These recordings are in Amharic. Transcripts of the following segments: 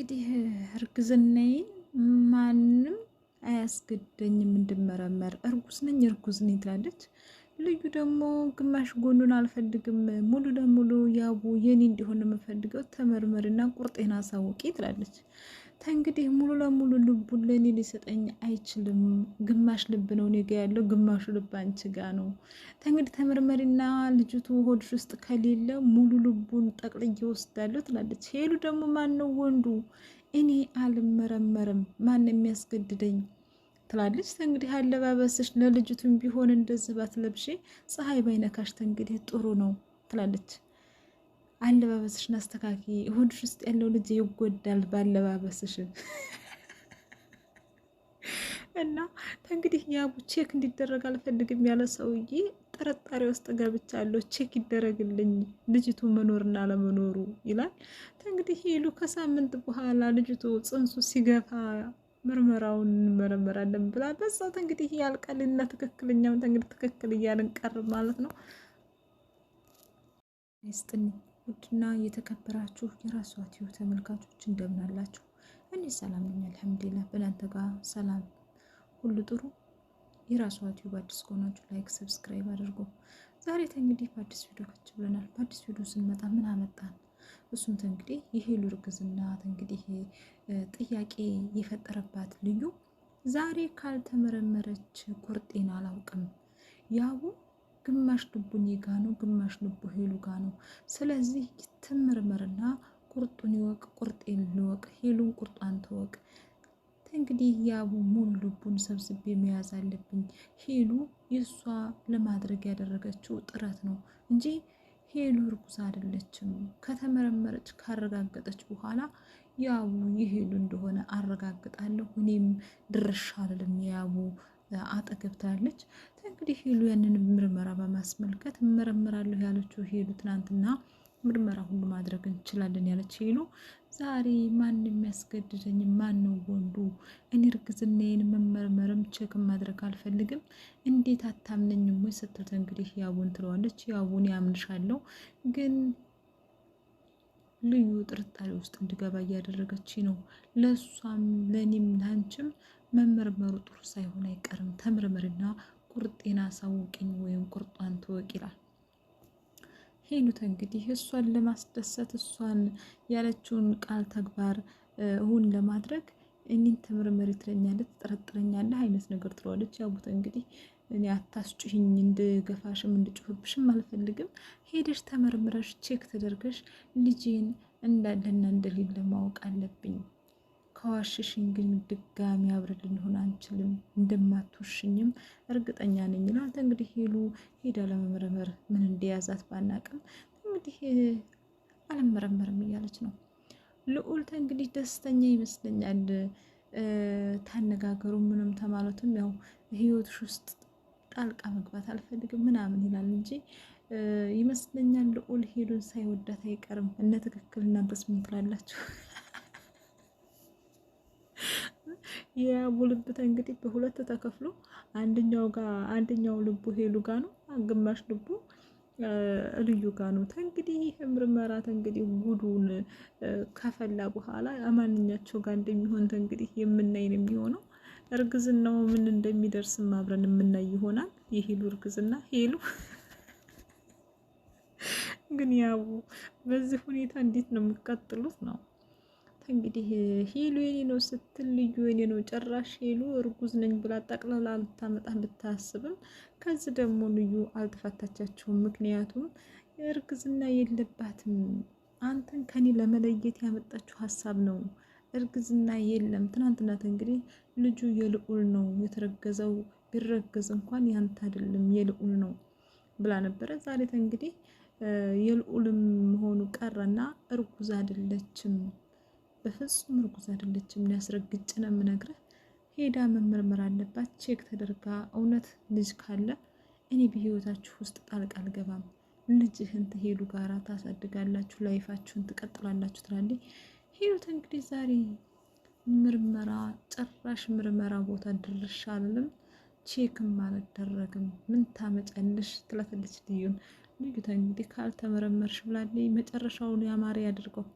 እንግዲህ እርግዝናዬን ማንም አያስገደኝም እንድመረመር፣ እርጉዝ ነኝ እርጉዝ ነኝ ትላለች። ልዩ ደግሞ ግማሽ ጎኑን አልፈልግም፣ ሙሉ ለሙሉ ያቡ የኔ እንዲሆን የምፈልገው ተመርመርና ቁርጤን አሳውቂ ትላለች። ተንግዲህ ሙሉ ለሙሉ ልቡን ለእኔ ሊሰጠኝ አይችልም። ግማሽ ልብ ነው እኔ ጋ ያለው፣ ግማሹ ልብ አንቺ ጋ ነው። ተንግዲህ ተመርመሪና ልጅቱ ሆድሽ ውስጥ ከሌለ ሙሉ ልቡን ጠቅልዬ ወስዳለሁ ትላለች ሄሉ። ደግሞ ነው ወንዱ? እኔ አልመረመርም፣ ማን የሚያስገድደኝ ትላለች። ተንግዲህ አለባበስሽ ለልጅቱም ቢሆን እንደዚህ ባትለብሽ ፀሐይ ባይነካሽ ተንግዲህ ጥሩ ነው ትላለች። አለባበስሽን አስተካኪ። ሆድሽ ውስጥ ያለው ልጅ ይጎዳል በአለባበስሽ እና ከእንግዲህ ያቡ ቼክ እንዲደረግ አልፈልግም ያለ ሰውዬ ጥርጣሬ ውስጥ ገብቻለሁ። ቼክ ይደረግልኝ ልጅቱ መኖርና ለመኖሩ ይላል። ከእንግዲህ ይሉ ከሳምንት በኋላ ልጅቱ ጽንሱ ሲገፋ ምርመራውን እንመረመራለን ብላ በዛት እንግዲህ ያልቀልና ትክክለኛው እንግዲህ ትክክል እያልን ቀርብ ማለት ነው ይስጥልኝ። ውድና የተከበራችሁ የራሷትዮ ተመልካቾች እንደምን አላችሁ? እኔ ሰላም ነኝ አልሐምዱሊላህ። በእናንተ ጋር ሰላም ሁሉ ጥሩ። የራሷትዮ በአዲስ ከሆናችሁ ላይክ፣ ሰብስክራይብ አድርጎ ዛሬ ተእንግዲህ በአዲስ ቪዲዮ ከች ብለናል። በአዲስ ቪዲዮ ስንመጣ ምን አመጣን? እሱም ተእንግዲህ የሄሉ እርግዝና ተእንግዲህ ጥያቄ የፈጠረባት ልዩ ዛሬ ካልተመረመረች ቁርጤን አላውቅም ያቡ ግማሽ ልቡ እኔ ጋ ነው፣ ግማሽ ልቡ ሄሉ ጋ ነው። ስለዚህ ትምርምርና ቁርጡን ይወቅ፣ ቁርጤን ልወቅ፣ ሄሉን ቁርጧን ትወቅ። እንግዲህ ያቡ ሙሉ ልቡን ሰብስቤ መያዝ አለብኝ። ሄሉ የእሷ ለማድረግ ያደረገችው ጥረት ነው እንጂ ሄሉ እርጉዝ አይደለችም። ከተመረመረች ካረጋገጠች በኋላ ያቡ የሄሉ እንደሆነ አረጋግጣለሁ። እኔም ድርሻ አልልም። ያቡ አጠገብ ትላለች። እንግዲህ ሂሉ ያንን ምርመራ በማስመልከት እመረምራለሁ ያለችው ሂሉ ትናንትና ምርመራ ሁሉ ማድረግ እንችላለን ያለች ሂሉ ዛሬ ማን የሚያስገድደኝ ማን ነው ወንዱ? እኔ እርግዝናዬን መመርመርም ቼክ ማድረግ አልፈልግም። እንዴት አታምነኝም ወይ ስትል እንግዲህ ያቡን ትለዋለች። ያቡን ያምንሻለው ግን ልዩ ጥርጣሬ ውስጥ እንድገባ እያደረገች ነው። ለእሷም ለእኔም ለአንቺም መመርመሩ ጥሩ ሳይሆን አይቀርም። ተምርምርና ቁርጤን አሳውቅኝ ወይም ቁርጧን ትወቅ ይላል። ሄሉት እንግዲህ እሷን ለማስደሰት እሷን ያለችውን ቃል ተግባር እሁን ለማድረግ እኔን ተመርመሪ ትለኛለች፣ ትጠረጥረኛለህ አይነት ነገር ትለዋለች። ያቡት እንግዲህ እኔ አታስጩህኝ፣ እንድገፋሽም እንድጩህብሽም አልፈልግም። ሄደሽ ተመርምረሽ ቼክ ተደርገሽ ልጄን እንዳለና እንደሌለ ማወቅ አለብኝ ከዋሽሽኝ ግን ድጋሚ አብረን ልንሆን አንችልም፣ እንደማትወሽኝም እርግጠኛ ነኝ ይላል። እንግዲህ ሄሉ ሄዳ ለመመረመር ምን እንደያዛት ባናቅም እንግዲህ አልመረመርም እያለች ነው። ልዑልተ እንግዲህ ደስተኛ ይመስለኛል። ታነጋገሩ ምንም ተማለቱም ያው ህይወትሽ ውስጥ ጣልቃ መግባት አልፈልግም ምናምን ይላል እንጂ ይመስለኛል ልዑል ሄዱን ሳይወዳት አይቀርም። እነ ትክክል እናንተስ ምን ትላላችሁ? የያቡ ልብት እንግዲህ በሁለት ተከፍሎ አንደኛው ጋር አንደኛው ልቡ ሄሉ ጋር ነው፣ ግማሽ ልቡ ልዩ ጋ ነው። ተንግዲህ ይህ ምርመራ ተንግዲህ ጉዱን ከፈላ በኋላ አማንኛቸው ጋር እንደሚሆን ተንግዲህ የምናይ ነው የሚሆነው። እርግዝናው ምን እንደሚደርስም አብረን የምናይ ይሆናል። የሄሉ እርግዝና ሄሉ ግን ያው በዚህ ሁኔታ እንዴት ነው የሚቀጥሉት ነው እንግዲህ ሄሉ የኔ ነው ስትል ልዩ የኔ ነው ጭራሽ ሄሉ እርጉዝ ነኝ ብላ ጠቅላላ ልታመጣ ብታስብም ከዚህ ደግሞ ልዩ አልተፈታቻቸውም ምክንያቱም እርግዝና የለባትም። አንተን ከኔ ለመለየት ያመጣችው ሀሳብ ነው። እርግዝና የለም። ትናንትናት እንግዲህ ልጁ የልዑል ነው የተረገዘው፣ ቢረገዝ እንኳን ያንተ አይደለም የልዑል ነው ብላ ነበረ። ዛሬት እንግዲህ የልዑልም መሆኑ ቀረና እርጉዝ አይደለችም። በፍጹም እርጉዝ አይደለችም። ሊያስረግጭ ነው የምነግርህ። ሄዳ መመርመር አለባት፣ ቼክ ተደርጋ እውነት ልጅ ካለ እኔ በህይወታችሁ ውስጥ ጣልቃ አልገባም። ልጅህን ትሄዱ ጋራ ታሳድጋላችሁ፣ ላይፋችሁን ትቀጥላላችሁ ትላለች ሂሩት። እንግዲህ ዛሬ ምርመራ ጭራሽ ምርመራ ቦታ ድርሻ አልልም፣ ቼክም አልደረግም። ምን ታመጫለሽ ትላትለች ልዩን። ልዩታ እንግዲህ ካልተመረመርሽ ብላለች። መጨረሻውን ያማረ ያድርገው።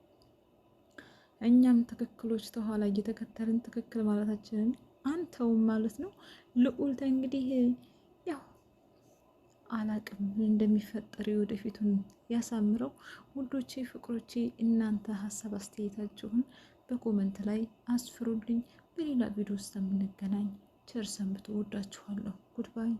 እኛም ትክክሎች ተኋላ እየተከተልን ትክክል ማለታችንን አንተውም ማለት ነው። ልዑልተ እንግዲህ ያው አላቅም እንደሚፈጠር ወደፊቱን ያሳምረው። ውዶቼ ፍቅሮቼ፣ እናንተ ሀሳብ አስተያየታችሁን በኮመንት ላይ አስፍሩልኝ። በሌላ ቪዲዮ ውስጥ የምንገናኝ ቸር ሰንብቱ። ወዳችኋለሁ። ጉድባይ